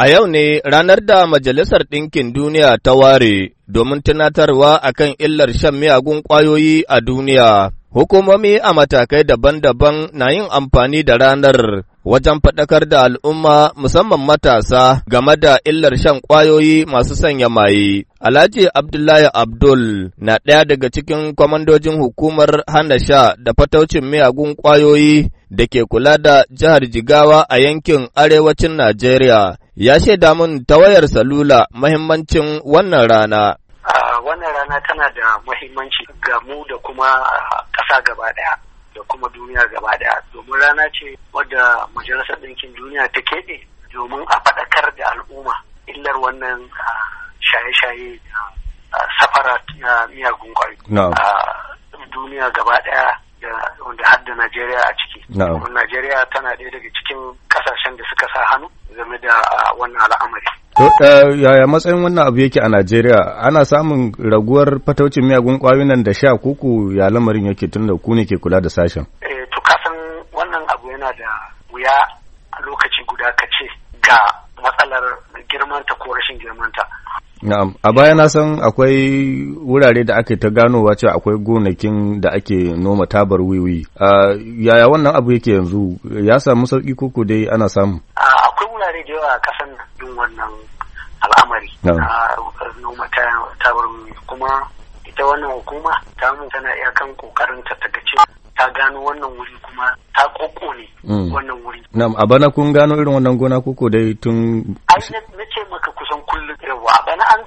A yau ne ranar da Majalisar Ɗinkin Duniya ta ware domin tunatarwa akan illar shan miyagun ƙwayoyi a duniya. Hukumomi a matakai daban-daban na yin amfani da ranar wajen faɗakar da al'umma musamman matasa game da illar shan ƙwayoyi masu sanya maye. Alhaji Abdullahi Abdul na ɗaya daga cikin kwamandojin hukumar hana sha da fataucin miyagun ƙwayoyi da ke kula da jihar Jigawa a yankin arewacin Najeriya. ya shaida damun tawayar salula mahimmancin wannan rana. Wannan rana tana da mahimmanci ga mu da kuma ah, ƙasa gaba ɗaya da kuma duniya gaba ɗaya domin rana ce wadda majalisar ɗinkin duniya ta keɓe domin a faɗakar da al'umma illar wannan ah, shaye-shaye ah, safara miyagun kwari. Duniya gaba ɗaya wanda har da Najeriya a ciki. Najeriya tana ɗaya daga cikin ƙasashen da suka sa hannu game da wannan al'amari. To eh, yaya matsayin wannan abu yake a Najeriya ana samun raguwar fataucin miyagun kwayoyin nan da sha kuku ya lamarin yake tun da ku ne ke kula da sashen. Eh to kasan wannan abu yana da wuya a lokaci guda ka ce ga matsalar girmanta ko rashin girmanta. Na'am, a baya na san akwai wurare da ake ta ganowa cewa akwai gonakin da ake noma tabar wiwi. Ah, yaya wannan abu yake yanzu? Ya samu sauki koko dai ana samu? Ah, mutane da yawa a kasan yin wannan al'amari na noma ta tabarmi kuma ita wannan hukuma ta mu tana iyakan kokarin ta ga cewa ta gano wannan wuri kuma ta koko ne mm. wannan wuri na'am a bana kun gano irin wannan gona koko dai tun ai na ce maka kusan kullum yawa a bana an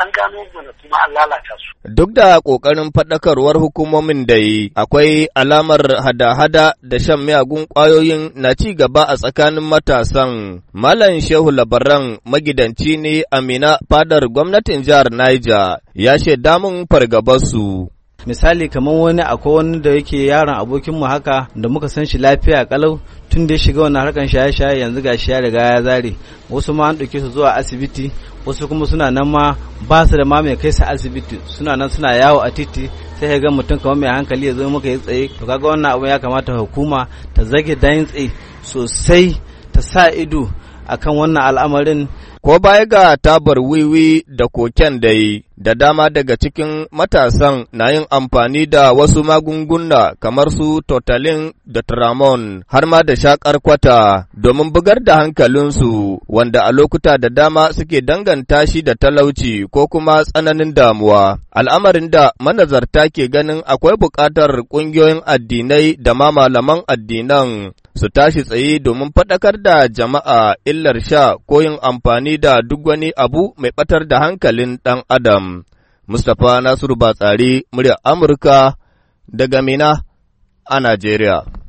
an gano mana kuma an lalata su. Duk da ƙoƙarin faɗakarwar hukumomin da yi, akwai alamar hada-hada da shan miyagun ƙwayoyin na ci gaba a tsakanin matasan. Malam Shehu Labaran magidanci ne Amina fadar gwamnatin jihar Niger ya she damun fargabarsu. misali kamar wani akwai wani da yake yaron abokinmu haka da muka san shi lafiya kalau tun da ya shiga wannan harkan shaye-shaye yanzu ga ya riga ya zare wasu ma an ɗauke su zuwa asibiti wasu kuma suna nan ma ba su da ma mai kai su asibiti suna nan suna yawo a titi sai ga mutum kamar mai hankali ya zo muka yi tsaye to kaga wannan abu ya kamata hukuma ta zage dantse sosai ta sa ido akan wannan al'amarin Ko baya ga tabar wiwi da koken da yi, da dama daga cikin matasan na yin amfani da wasu magunguna kamar su totalin da tramon har ma da shakar kwata domin bugar da hankalinsu wanda a lokuta da dama suke danganta shi da talauci ko kuma tsananin damuwa. Al'amarin da manazarta ke ganin akwai buƙatar ƙungiyoyin addinai da ma malaman addinan su tashi tsaye domin faɗakar da jama'a illar sha koyin amfani da duk wani abu mai ɓatar da hankalin ɗan adam. Mustapha Nasiru Batsari, murya Amurka daga Mina a Najeriya.